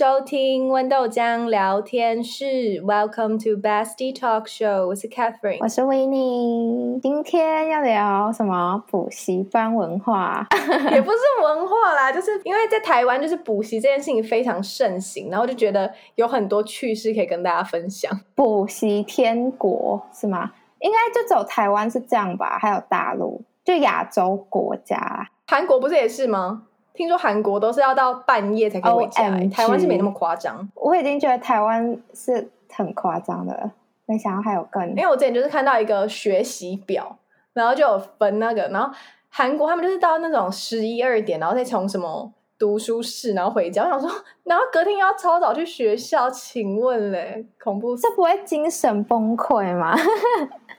收聽溫逗江聊天室，Welcome to Bestie Talk Show。我是 Catherine，我是 Winny。今天要聊什麼？補習班文化 也不是文化啦，就是因為在台灣，就是補習這件事情非常盛行，然後就覺得有很多趣事可以跟大家分享。補習天國是嗎？應該就走台灣是這樣吧？還有大陸，就亞洲國家，韓國不是也是嗎？聽說韓國都是要到半夜才可以回家，OMG 台灣是沒那麼誇張。我已經覺得台灣是很誇張的了，沒想到還有更。因為我之前就是看到一個學習表，然後就有分那個，然後韓國他們就是到那種十一二點，然後再從什麼讀書室，然後回家。我想說，然後隔天又要超早去學校，請問嘞，恐怖，這不會精神崩潰嗎？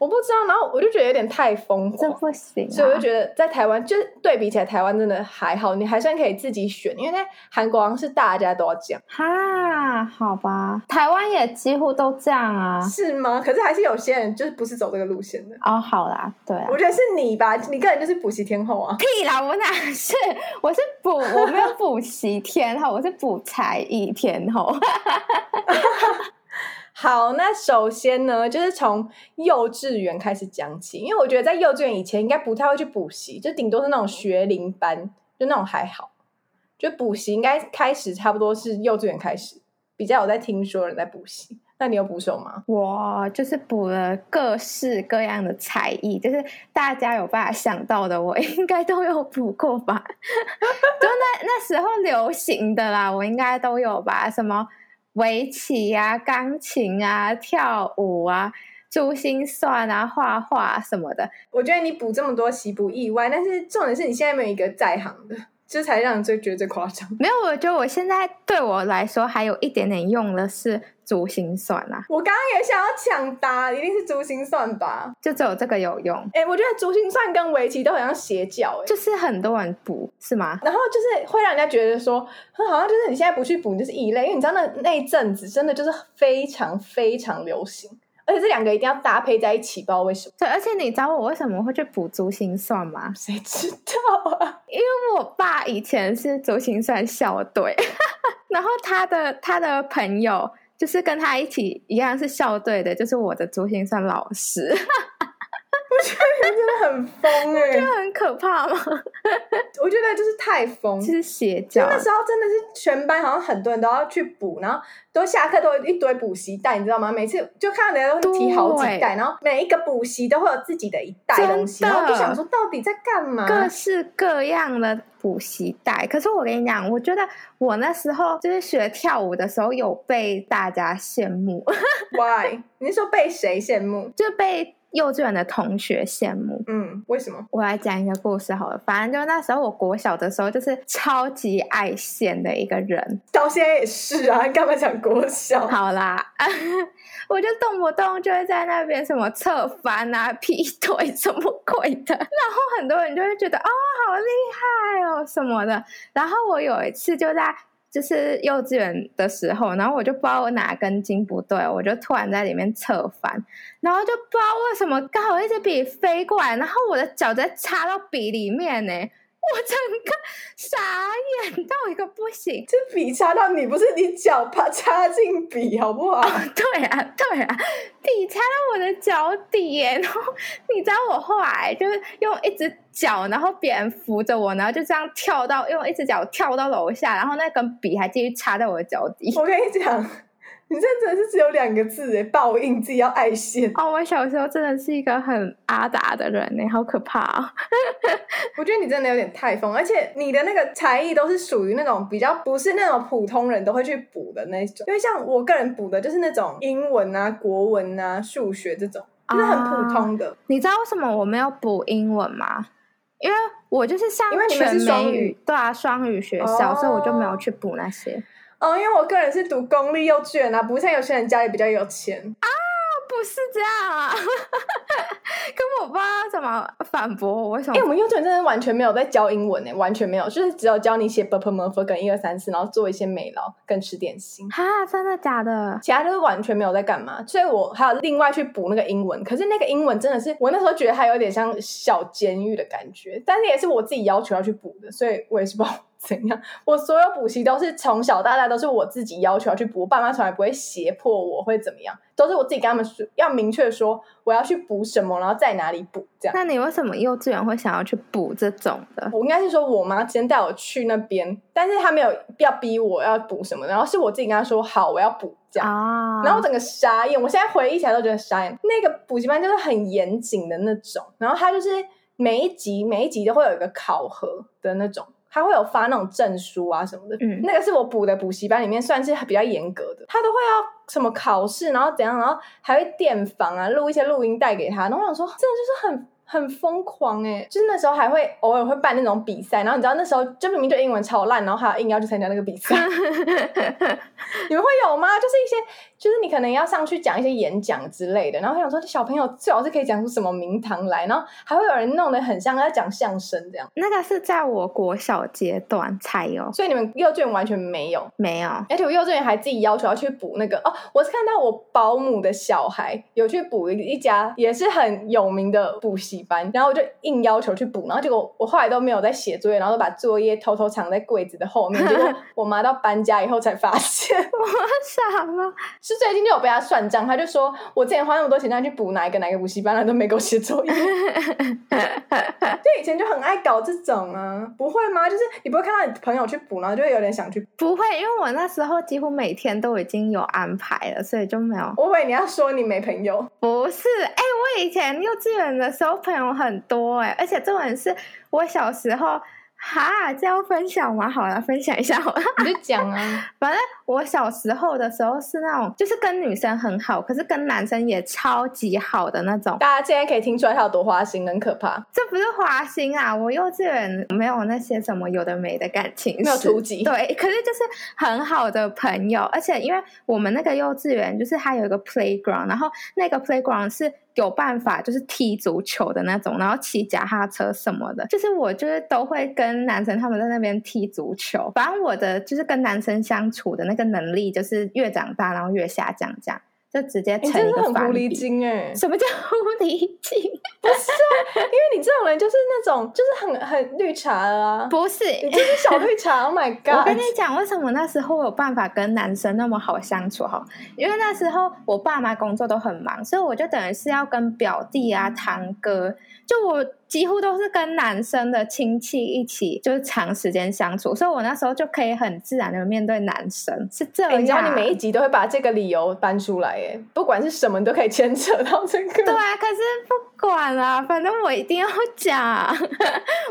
我不知道，然後我就覺得有點太瘋狂，這不行啊。所以我就覺得在台灣，就是對比起來，台灣真的還好，你還算可以自己選，因為在韓國是大家都要講。哈，好吧，台灣也幾乎都這樣啊，是嗎？可是還是有些人就是不是走這個路線的。哦，好啦，對啊，我覺得是你吧，你個人就是補習天後啊。屁啦，我哪是？我是補，我沒有補習天後， 我是補才藝天後。 好，那首先呢，就是從幼稚園開始講起，因為我覺得在幼稚園以前應該不太會去補習，就頂多是那種學齡班，就那種還好。就補習應該開始差不多是幼稚園開始，比較有在聽說人在補習。那你有補什麼？我就是補了各式各樣的才藝，就是大家有辦法想到的我，我應該都有補過吧？ 就那那時候流行的啦，我應該都有吧？什麼？圍棋啊，鋼琴啊，跳舞啊，珠心算啊，畫畫什麼的，我覺得你補這麼多習，不意外。但是重點是你現在沒有一個在行的，這才讓你最覺得最誇張。沒有，我覺得我現在對我來說還有一點點用的是。珠心算啦、啊！我剛剛也想要搶答，一定是珠心算吧？就只有這個有用。哎、欸，我覺得珠心算跟圍棋都很像邪教、欸，就是很多人補是嗎？然後就是會讓人家覺得說，好像就是你現在不去補你就是異類，因為你知道那那陣子真的就是非常非常流行，而且這兩個一定要搭配在一起，不知道為什麼。對，而且你知道我為什麼會去補珠心算嗎？誰知道啊？因為我爸以前是珠心算校隊， 然後他的他的朋友。就是跟他一起一樣是校隊的，就是我的珠心算老師。 真的很瘋哎、欸，真的很可怕嗎？ 我覺得就是太瘋，就是邪教。那時候真的是全班好像很多人都要去補，然後都下課都有一堆補習袋，你知道嗎？每次就看到人家都提好幾袋，對然後每一個補習都會有自己的一袋東西，的然後就想說到底在幹嘛？各式各樣的補習袋。可是我跟你講，我覺得我那時候就是學跳舞的時候，有被大家羨慕。 Why？你說被誰羨慕？ 就被。幼稚園的同學羨慕，嗯，為什麼？我來講一個故事好了。反正就那時候，我國小的時候就是超級愛炫的一個人，到現在也是啊。你幹嘛講國小？好啦、啊，我就動不動就會在那邊什麼側翻啊、劈腿什麼鬼的，然後很多人就會覺得哦，好厲害哦什麼的。然後我有一次就在。就是幼稚園的時候，然後我就不知道我哪根筋不對，我就突然在裡面側翻，然後就不知道為什麼剛好一支筆飛過來，然後我的腳在插到筆裡面誒。我整個傻眼到一個不行，這筆插到你，不是你腳怕插進筆好不好？Oh, 對啊對啊，筆插到我的腳底耶，然後你知道我後來就是用一隻腳，然後別人扶着我，然後就這樣跳到，用一隻腳跳到樓下，然後那根筆還繼續插在我的腳底。我跟你講。你這真的真的是只有兩個字哎，報應自己要愛心。哦，我小時候真的是一個很阿達的人，你好可怕、哦、 我覺得你真的有點太瘋，而且你的那個才藝都是屬於那種比較不是那種普通人都會去補的那種，因為像我個人補的就是那種英文啊、國文啊、數學這種，就是很普通的。啊、你知道為什麼我沒有補英文嗎？因為我就是像因為全美語，雙語對啊，雙語學校，哦、所以我就沒有去補那些。哦，因為我個人是讀公立幼稚園啊，不像有些人家裡比較有錢啊，不是這樣啊，呵呵跟我不知道怎麼反駁我，為、欸、我們幼稚園真的完全沒有在教英文呢，完全沒有，就是只有教你寫 p u b p l e m u r p e r 跟一二三四，making, 1, 2, 3, 4, 然後做一些美勞跟吃點心。哈，真的假的？其他就是完全沒有在幹嘛，所以我還有另外去補那個英文。可是那個英文真的是，我那時候覺得它有點像小監獄的感覺，但是也是我自己要求要去補的，所以我也是不好怎樣？我所有補習都是從小到大都是我自己要求要去補，我爸媽從來不會脅迫我，會怎麼樣？都是我自己跟他們說，要明確說我要去補什麼，然後在哪裡補這樣。那你為什麼幼稚園會想要去補這種的？我應該是說我媽今天帶我去那邊，但是他沒有要逼我要補什麼，然後是我自己跟他說好我要補這樣啊。然後我整個傻眼，我現在回憶起來都覺得傻眼。那個補習班就是很嚴謹的那種，然後他就是每一集每一集都會有一個考核的那種。他會有發那種證書啊什麼的，嗯、那個是我補的補習班裡面算是比較嚴格的，他都會要什麼考試，然後怎樣，然後還會電訪啊，錄一些錄音帶給他，然後我想說，真的就是很。很瘋狂哎、欸，就是那時候還會偶爾會辦那種比賽，然後你知道那時候就明明就英文超爛，然後還要硬要去參加那個比賽。 你們會有嗎？就是一些，就是你可能要上去講一些演講之類的，然後想說小朋友最好是可以講出什麼名堂來，然後還會有人弄得很像要講相聲這樣。那個是在我國小階段才有，所以你們幼稚園完全沒有，沒有。而且我幼稚園還自己要求要去補那個哦，我是看到我保姆的小孩有去補一家也是很有名的補習。班，然後我就硬要求去補，然後結果我後來都沒有在寫作業，然後都把作業偷偷藏在櫃子的後面，結果我媽到搬家以後才發現。我傻了。是最近就有被她算賬她就說我之前花那麼多錢讓她去補哪一個哪一個補習班，她都沒給我寫作業。 就以前就很愛搞這種啊，不會嗎？就是你不會看到你朋友去補，然後就會有點想去？不會，因為我那時候幾乎每天都已經有安排了，所以就沒有。我以為你要說你沒朋友，不是？哎、欸，我以前幼稚園的時候。人很多哎、欸，而且重點是我小時候，哈，這要分享嗎？好了，分享一下好吧。就講啊， 反正我小時候的時候是那種，就是跟女生很好，可是跟男生也超級好的那種。大家現在可以聽出來他有多花心，很可怕。這不是花心啊，我幼稚園沒有那些什麼有的沒的感情，沒有初級。對，可是就是很好的朋友，而且因為我們那個幼稚園就是它有一個 playground，然後那個 playground 是。有辦法，就是踢足球的那種，然後騎腳踏車什麼的，就是我就是都會跟男生他們在那邊踢足球。反正我的就是跟男生相處的那個能力，就是越長大然後越下降這樣。就直接成一個反比。真的很狐狸精耶。什麼叫狐狸精？不是啊， 因為你這種人就是那種，就是很很綠茶啊。不是，你就是小綠茶。 Oh my god！我跟你講，為什麼我那時候有辦法跟男生那麼好相處？哈，因為那時候我爸媽工作都很忙，所以我就等於是要跟表弟啊、嗯、堂哥，就我。幾乎都是跟男生的親戚一起，就是長時間相處，所以我那時候就可以很自然的面對男生，是這樣。欸、你知道你每一集都會把這個理由搬出來，耶，不管是什麼，你都可以牽扯到這個。 對啊，可是不管啊，反正我一定要講。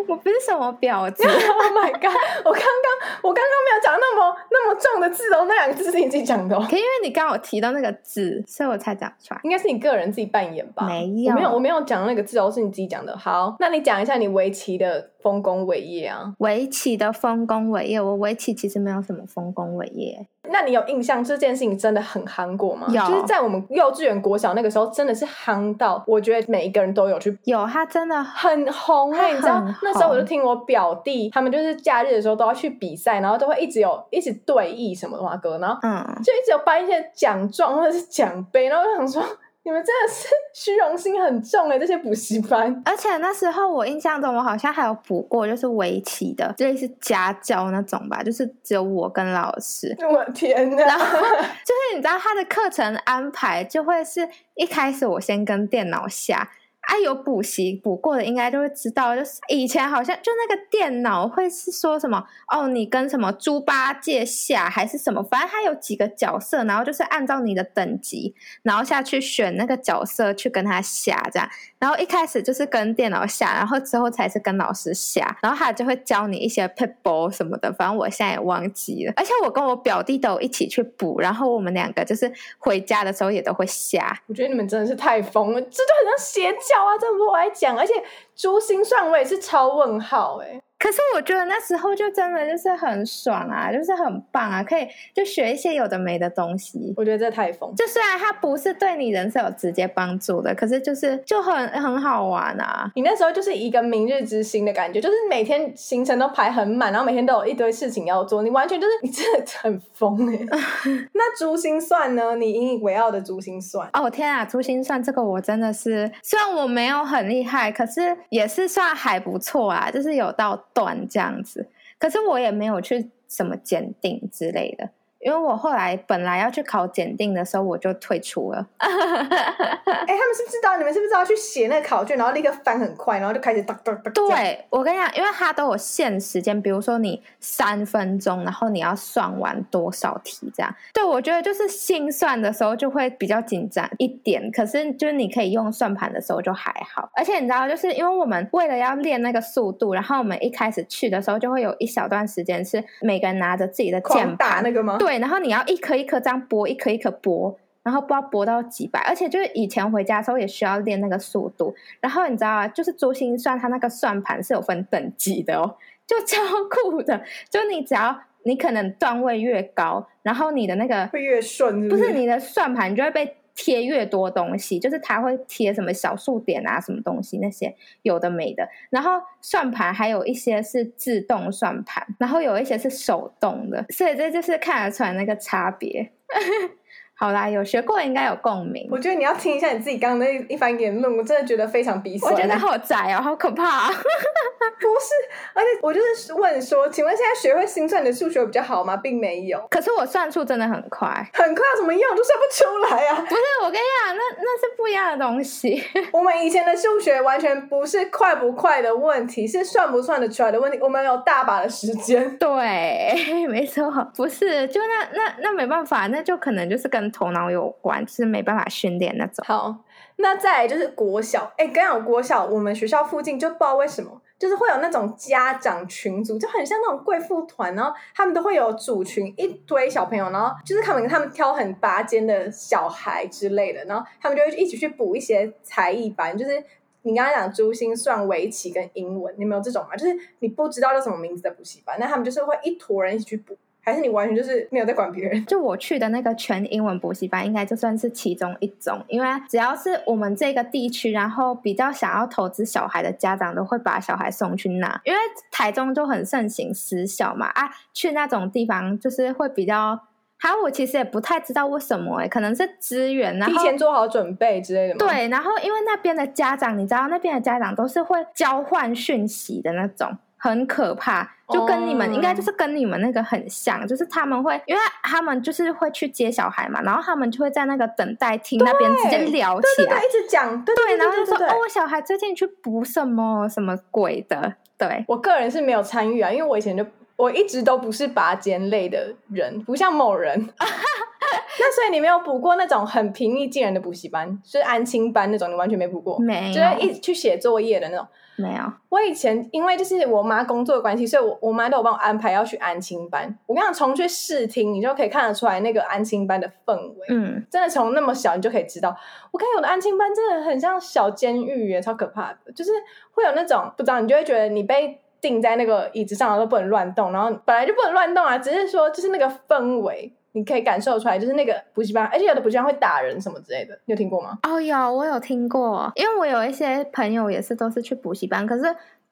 我不是什麼婊子 ？Oh my god！我剛剛我剛剛沒有講那麼那麼重的字哦，那兩個字是你自己講的哦。可、okay，因為你剛剛有提到那個字，所以我才講出來。應該是你個人自己扮演吧？沒有，沒有，我沒有講那個字哦，是你自己講的。好。那你講一下你圍棋的豐功偉業啊？圍棋的豐功偉業，我圍棋其實沒有什麼豐功偉業。那你有印象這件事情真的很夯過嗎？有。就是在我們幼稚園、國小那個時候，真的是夯到我覺得每一個人都有去。有，他真的很，很紅。很紅，你知道那時候我就聽我表弟他們就是假日的時候都要去比賽，然後都會一直有一直對弈什麼的嘛，哥。然後嗯，就一直有頒一些獎狀或者是獎杯，然後我就想說。你們真的是虛榮心很重的、欸、這些補習班。而且那時候我印象中，我好像還有補過，就是圍棋的，類、就、似、是、家教那種吧，就是只有我跟老師。我天吶，然後，就是你知道他的課程安排，就會是一開始我先跟電腦下。哎、啊，有補習補過的應該都會知道，就是以前好像就那個電腦會是說什麼哦,你跟什麼豬八戒下還是什麼，反正他有幾個角色,然後就是按照你的等級,然後下去選那個角色去跟他下這樣。然後一開始就是跟電腦下,然後之後才是跟老師下,然後他就會教你一些 pitball 什麼的,反正我現在也忘記了。而且我跟我表弟都一起去補,然後我們兩個就是回家的時候也都會下。我覺得你們真的是太瘋了,這就很像寫。笑啊！這麼多我來講，而且珠心算位是超問號誒、欸可是我覺得那時候就真的就是很爽啊，就是很棒啊，可以就學一些有的沒的東西。我覺得這太瘋，就雖然它不是對你人生有直接幫助的，可是就是就很很好玩啊。你那時候就是一個明日之星的感覺，就是每天行程都排很滿，然後每天都有一堆事情要做，你完全就是，你真的很瘋欸。 那珠心算呢？你引以為傲的珠心算？哦，天啊，珠心算這個我真的是，雖然我沒有很厲害，可是也是算還不錯啊，就是有到。短這樣子，可是我也沒有去什麼鑑定之類的。因為我後來本來要去考檢定的時候，我就退出了。哎、 欸，他們是不是知道你們是不是知道要去寫那個考卷，然後立刻翻很快，然後就開始噠噠噠。對，我跟你講，因為它都有限時間，比如說你三分鐘，然後你要算完多少題這樣。對，我覺得就是心算的時候就會比較緊張一點，可是就是你可以用算盤的時候就還好。而且你知道，就是因為我們為了要練那個速度，然後我們一開始去的時候就會有一小段時間是每個人拿着自己的算盤那個嗎？對。對，然後你要一顆一顆這樣撥，一顆一顆撥，然後不知道撥到幾百，而且就是以前回家的時候也需要練那個速度。然後你知道啊，就是珠心算，它那個算盤是有分等級的哦，就超酷的。就你只要你可能段位越高，然後你的那個會越順是不是？不是你的算盤就會被。貼越多東西，就是它會貼什麼小數點啊，什麼東西那些有的沒的。然後算盤還有一些是自動算盤，然後有一些是手動的，所以這就是看得出來那個差別。 好啦，有學過應該有共鳴。我覺得你要聽一下你自己剛剛那一,一番言論，我真的覺得非常鄙視。我覺得好窄哦、啊，好可怕、啊。 不是，而且我就是問說，請問現在學會心算的數學比較好嗎？並沒有。可是我算數真的很快，很快有什麼用？都算不出來啊。不是，我跟你講，那那是不一樣的東西。 我們以前的數學完全不是快不快的問題，是算不算得出來的問題。我們要有大把的時間。對，沒錯。不是，就那那那沒辦法，那就可能就是跟。頭腦有關，就是沒辦法訓練那種。好，那再來就是國小，哎，剛好國小我們學校附近就不知道為什麼，就是會有那種家長群組，就很像那種貴婦團呢。然後他們都會有組群一堆小朋友，然後就是他們他們挑很拔尖的小孩之類的，然後他們就會一起去補一些才藝班，就是你剛剛講珠心算、圍棋跟英文，你沒有這種嗎？就是你不知道叫什麼名字的補習班，那他們就是會一坨人一起去補。但是你完全就是沒有在管別人。就我去的那個全英文補習班，應該就算是其中一種。因為只要是我們這個地區，然後比較想要投資小孩的家長，都會把小孩送去那。因為台中就很盛行私校嘛，啊，去那種地方就是會比較……還有、啊、我其實也不太知道為什麼、欸、可能是資源，啊，提前做好準備之類的。對，然後因為那邊的家長，你知道那邊的家長都是會交換訊息的那種。很可怕，就跟你們、oh. 應該就是跟你們那個很像，就是他們會，因為他們就是會去接小孩嘛，然後他們就會在那個等待廳那邊直接聊起來，對對對對一直講，對對，對，對，對，對，對，對，對，然後就說哦，我小孩最近去補什麼什麼鬼的，對我個人是沒有參與啊，因為我以前就我一直都不是拔尖類的人，不像某人， 那所以你沒有補過那種很平易近人的補習班，就是安親班那種，你完全沒補過，沒有就是一直去寫作業的那種。沒有，我以前因為就是我媽工作的關係，所以我，我我媽都有幫我安排要去安親班。我跟你講，從去試聽，你就可以看得出來那個安親班的氛圍，嗯，真的從那麼小你就可以知道。我看我的安親班真的很像小監獄，超可怕的，就是會有那種不知道，你就會覺得你被釘在那個椅子上，都不能亂動，然後本來就不能亂動啊，只是說就是那個氛圍。你可以感受出來，就是那個補習班，而且有的補習班會打人什麼之類的，你有聽過嗎？哦，oh, 有，我有聽過，因為我有一些朋友也是都是去補習班，可是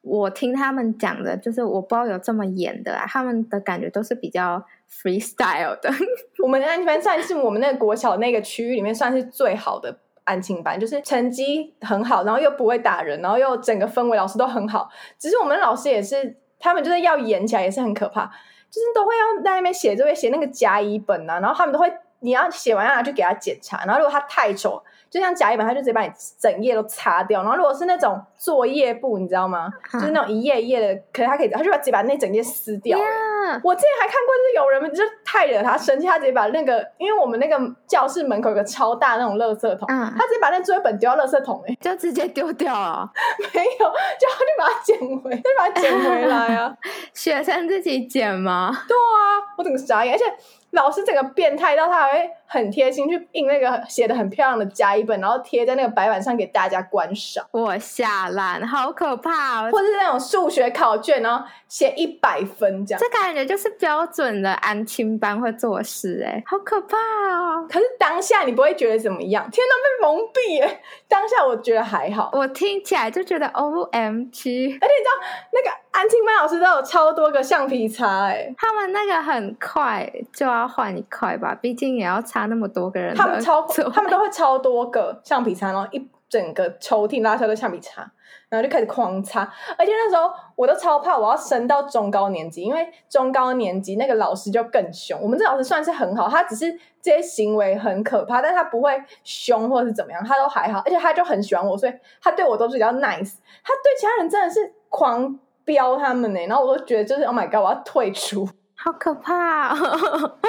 我聽他們講的，就是我不知道有這麼演的，啊，他們的感覺都是比較 freestyle 的。 我們的安親班算是我們那個國小那個區域裡面算是最好的安親班，就是成績很好，然後又不會打人，然後又整個氛圍老師都很好。只是我們老師也是，他們就是要演起來也是很可怕。就是都會要在那邊寫作業，寫那個甲乙本啊，然後他們都會，你要寫完要拿去給他檢查，然後如果他太醜，就像甲乙本，他就直接把你整頁都擦掉，然後如果是那種作業簿，你知道嗎？嗯、就是那種一頁一頁的，可能他可以，他就直接把那整頁撕掉了。嗯嗯、我之前還看過，就是有人們就是太惹他生氣，他直接把那個，因為我們那個教室門口有個超大那種垃圾桶，嗯、他直接把那作業本丟到垃圾桶、欸，就直接丟掉了，沒有，就把它撿回，就把它撿回來啊，學生、嗯、自己撿嗎？對啊，我怎麼傻眼，而且。老師整個變態到他還會很貼心去印那個寫得很漂亮的加一本，然後貼在那個白板上給大家觀賞。我嚇爛，好可怕、哦！或是那種數學考卷，然後寫一百分這樣。這感覺就是標準的安親班會做事，哎，好可怕啊、哦！可是當下你不會覺得怎麼樣，天都被蒙蔽耶。當下我覺得還好，我聽起來就覺得 O M G。而且你知道那個。安親班老師都有超多個橡皮擦，欸，哎，他們那個很快就要換一塊吧，畢竟也要擦那麼多個人。他們超，他們都會超多個橡皮擦，然後一整個抽屜拉出來橡皮擦，然後就開始狂擦。而且那時候我都超怕，我要升到中高年級，因為中高年級那個老師就更兇。我們這老師算是很好，他只是這些行為很可怕，但他不會兇或是怎麼樣，他都還好。而且他就很喜歡我，所以他對我都是比較 nice。他對其他人真的是狂。標他們呢，然後我都覺得就是 Oh my God，我要退出，好可怕，哦！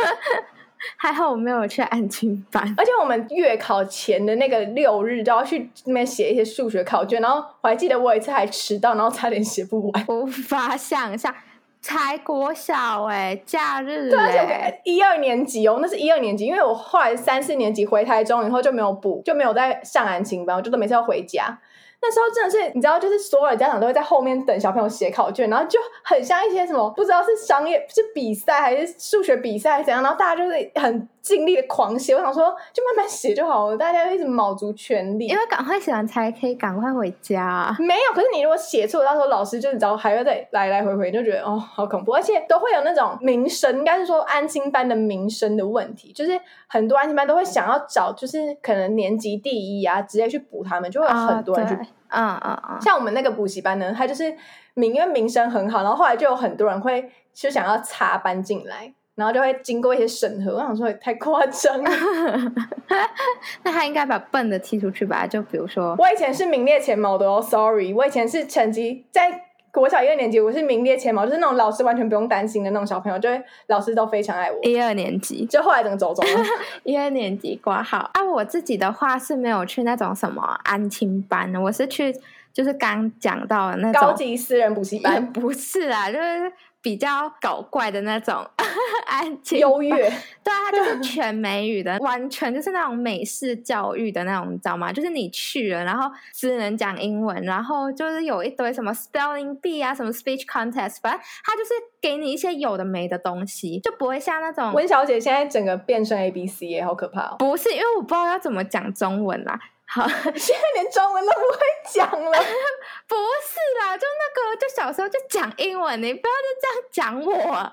還好我沒有去安親班，而且我們月考前的那個六日都要去那邊寫一些數學考卷，然後我還記得我有一次還遲到，然後差點寫不完。無法想象才國小哎，欸，假日哎，欸，對而且我一二年級哦，那是一二年級，因為我後來三四年級回台中以後就沒有補，就沒有再上安親班，我就都每次要回家。那時候真的是你知道，就是所有的家長都會在後面等小朋友寫考卷，然後就很像一些什麼不知道是商業是比賽還是數學比賽怎樣，然後大家就是很盡力的狂寫。我想說，就慢慢寫就好了，大家就一直卯足全力，因為趕快寫完才可以趕快回家。沒有，可是你如果寫錯，到時候老師就你知道還要再來來回回，就覺得哦好恐怖，而且都會有那種名聲，應該是說安親班的名聲的問題，就是很多安親班都會想要找，就是可能年級第一啊，直接去補他們，就會有很多人去。啊嗯嗯嗯，嗯嗯，像我們那個補習班呢，他就是名，因為名聲很好，然後後來就有很多人會就想要插班進來，然後就會經過一些審核。我想說也太誇張了， 那他應該把笨的踢出去吧？就比如說，我以前是名列前茅的哦，sorry，我以前是成績在。國小一二年級，我是名列前茅，就是那種老師完全不用擔心的那種小朋友，就會、是，老師都非常愛我。一二年級，就後來整個走走、啊？ 一二年級，掛號。啊，我自己的話是沒有去那種什麼安親班，的，我是去就是剛講到的那種高級私人補習班，不是啊，就是。比較搞怪的那種 安全優越，對啊，他就是全美語的， 完全就是那種美式教育的那種，你知道嗎？就是你去了，然後只能講英文，然後就是有一堆什麼 spelling bee 啊，什麼 speech contest，反正他就是給你一些有的沒的東西，就不會像那種溫小姐現在整個變成 A B C 也好可怕，哦。不是，因為我不知道要怎麼講中文啦，啊。好， 現在連中文都不會講了。 不是啦，就那個，就小時候就講英文。你不要再這樣講我，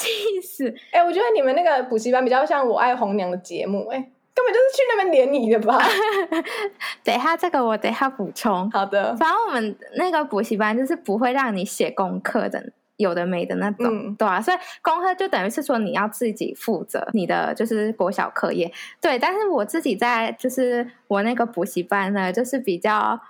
氣 死！哎、欸，我覺得你們那個補習班比較像《我愛紅娘》的節目，哎，根本就是去那邊連你的吧。 等一下，這個我等一下補充。好的，反正我們那個補習班就是不會讓你寫功課的。有的沒的那種，嗯、對啊。所以功課就等於是說你要自己負責你的就是國小課業，對。但是我自己在就是我那個補習班呢，就是比較啊，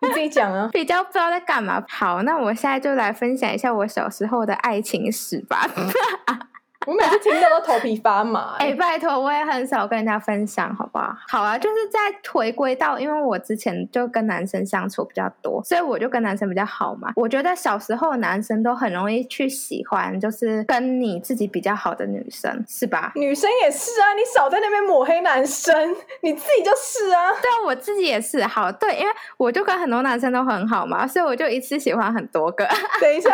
你自己講啊，比較不知道在幹嘛跑。好，那我現在就來分享一下我小時候的愛情史吧。嗯啊我每次聽到都頭皮發麻、欸。哎、欸，拜託，我也很少跟人家分享，好不好？好啊，就是再回歸到，因為我之前就跟男生相處比較多，所以我就跟男生比較好嘛。我覺得小時候男生都很容易去喜歡，就是跟你自己比較好的女生，是吧？女生也是啊，你少在那邊抹黑男生，你自己就是啊。對啊，我自己也是。好，對，因為我就跟很多男生都很好嘛，所以我就一次喜歡很多個。 等一下，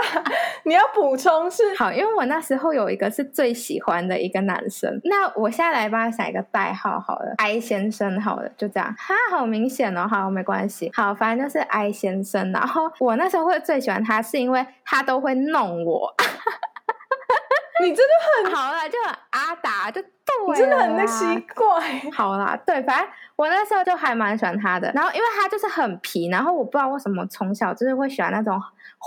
你要補充是？好，因為我那時候有一個是最。最喜歡的一個男生，那我下來幫他想一個代號好了，I 先生好了，就這樣，他、啊、好明顯哦，好沒關係，好，反正就是 I 先生。然後我那時候會最喜歡他，是因為他都會弄我， 你真的很 好了，就很阿達。就。我真的很的奇怪。 好啦，對，反正我那時候就還蠻喜歡他的。然後，因為他就是很皮，然後我不知道為什麼從小就是會喜歡那種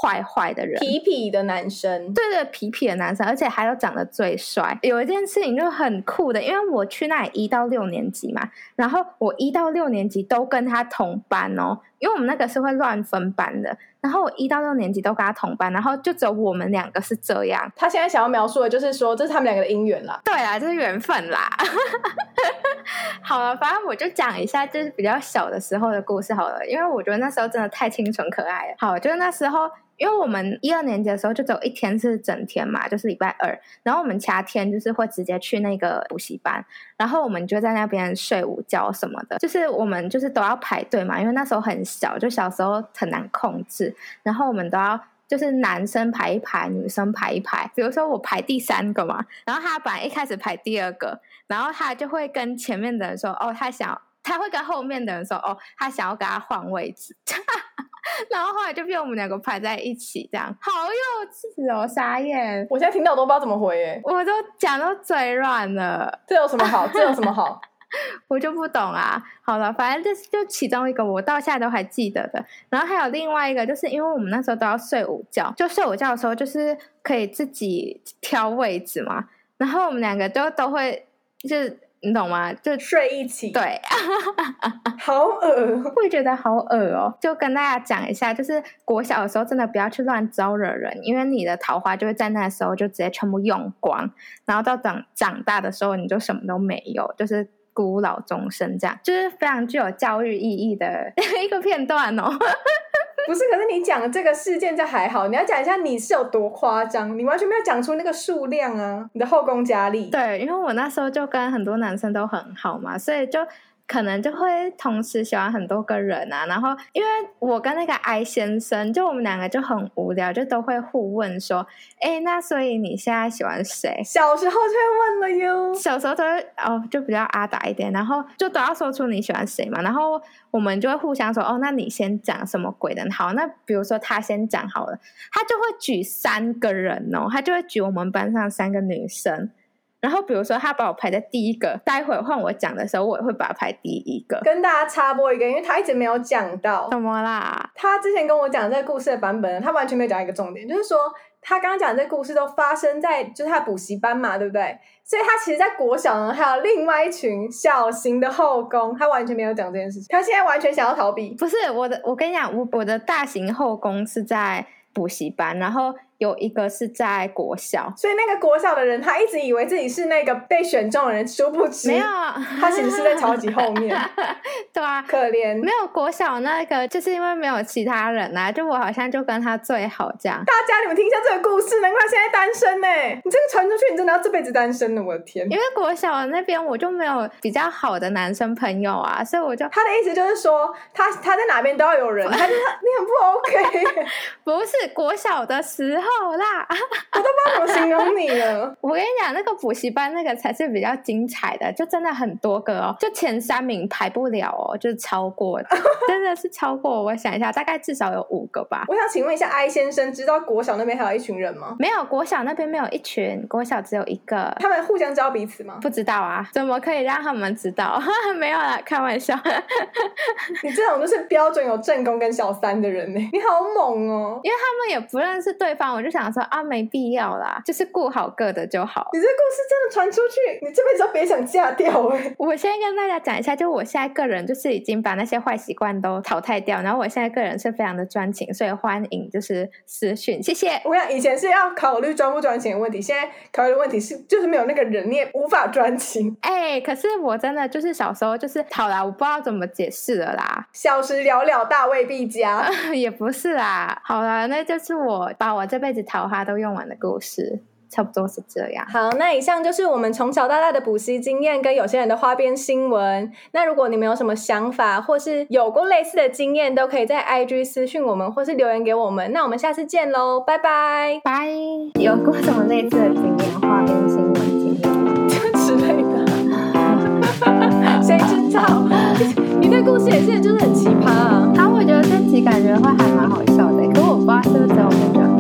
壞壞的人，皮皮的男生。對，對對，皮皮的男生，而且還有長得最帥。有一件事情就很酷的，因為我去那裡一到六年級嘛，然後我一到六年級都跟他同班哦，因為我們那個是會亂分班的。然後我一到六年級都跟他同班，然後就只有我們兩個是這樣。他現在想要描述的就是說，這是他們兩個的姻緣了。對啊，這是緣分。啦， 好了，反正我就講一下，就是比較小的時候的故事好了，因為我覺得那時候真的太清純可愛了。好，就是那時候，因為我們一二年級的時候就只有一天是整天嘛，就是禮拜二，然後我們其他天就是會直接去那個補習班，然後我們就在那邊睡午覺什麼的，就是我們就是都要排隊嘛，因為那時候很小，就小時候很難控制，然後我們都要。就是男生排一排，女生排一排。比如說我排第三個嘛，然後他本來一開始排第二個，然後他就會跟前面的人說：“哦，他想。”他會跟後面的人說：“哦，他想要跟他換位置。 ”然後後來就被我們兩個排在一起，這樣好幼稚哦，傻眼！我現在聽到都不知道怎麼回耶，誒我都講到嘴軟了。這有什麼好？這有什麼好？ 我就不懂啊。好了，反正就是就其中一個我到現在都還記得的。然後還有另外一個，就是因為我們那時候都要睡午覺，就睡午覺的時候就是可以自己挑位置嘛。然後我們兩個就都會，就是你懂嗎？就睡一起。對， 好噁哦，會覺得好噁哦。就跟大家講一下，就是國小的時候真的不要去亂招惹人，因為你的桃花就會在那時候就直接全部用光。然後到等長，長大的時候，你就什麼都沒有，就是。孤老終生，這樣就是非常具有教育意義的一個片段哦。 不是，可是你講這個事件就還好，你要講一下你是有多誇張，你完全沒有講出那個數量啊！你的後宮佳麗，對，因為我那時候就跟很多男生都很好嘛，所以就。可能就會同時喜歡很多個人啊，然後因為我跟那個艾先生，就我們兩個就很無聊，就都會互問說，哎、欸，那所以你現在喜歡誰？小時候就會問了喲，小時候都會哦就比較阿達一點，然後就都要說出你喜歡誰嘛，然後我們就會互相說，哦，那你先講什麼鬼的？好，那比如說他先講好了，他就會舉三個人哦，他就會舉我們班上三個女生。然後，比如說他把我排在第一個，待會換我講的時候，我也會把他排第一個。跟大家插播一個，因為他一直沒有講到什麼啦。他之前跟我講這個故事的版本，他完全沒有講一個重點，就是說他剛剛講這個故事都發生在就是他的補習班嘛，對不對？所以他其實，在國小呢，還有另外一群小型的後宮，他完全沒有講這件事情。他現在完全想要逃避。不是我的，我跟你講，我我的大型後宮是在補習班，然後。有一個是在國小，所以那個國小的人，他一直以為自己是那個被選中的人，殊不知，沒有， 他其實是在超級後面， 對啊，可憐，沒有國小那個，就是因為沒有其他人吶、啊，就我好像就跟他最好這樣。大家你們聽一下這個故事，難怪現在單身呢、欸，你這個傳出去，你真的要這輩子單身了，我的天！因為國小的那邊我就沒有比較好的男生朋友啊，所以我就他的意思就是說，他他在哪邊都要有人，他就 你很不 OK， 不是國小的時候。好啦、啊，我都不知道怎麼形容你了。 我跟你講，那個補習班那個才是比較精彩的，就真的很多個哦，就前三名排不了哦，就是超過，真的是超過。我想一下，大概至少有五個吧。 我想請問一下艾先生，知道國小那邊還有一群人嗎？沒有，國小那邊沒有一群，國小只有一個。他們互相知道彼此嗎？不知道啊，怎麼可以讓他們知道？ 沒有啦，開玩笑。 你這種都是標準有正宮跟小三的人呢，你好猛哦、喔，因為他們也不認識對方。我就想說啊，沒必要啦，就是顧好個的就好。你這故事真的傳出去，你這輩子都別想嫁掉。哎、欸！我先跟大家講一下，就我現在個人就是已經把那些壞習慣都淘汰掉，然後我現在個人是非常的專情，所以歡迎就是私訊。謝謝。我想以前是要考慮專不專情的問題，現在考慮的問題是就是沒有那個人你也無法專情。哎。可是我真的就是小時候就是，好啦，我不知道怎麼解釋了啦。小時了了，大未必佳， 也不是啦。好啦，那就是我把我這輩子桃花都用完的故事，差不多是這樣。好，那以上就是我們從小到大，大的補習經驗跟有些人的花邊新聞。那如果你們有什麼想法，或是有過類似的經驗，都可以在 IG 私訊我們，或是留言給我們。那我們下次見嘍，拜拜。拜。Bye. 有過什麼類似的經驗？花邊新聞。你對故事也在就是很奇葩。啊，他、啊、我覺得身體感覺會還蠻好笑的。欸，可是我不知道是不是在我面前講。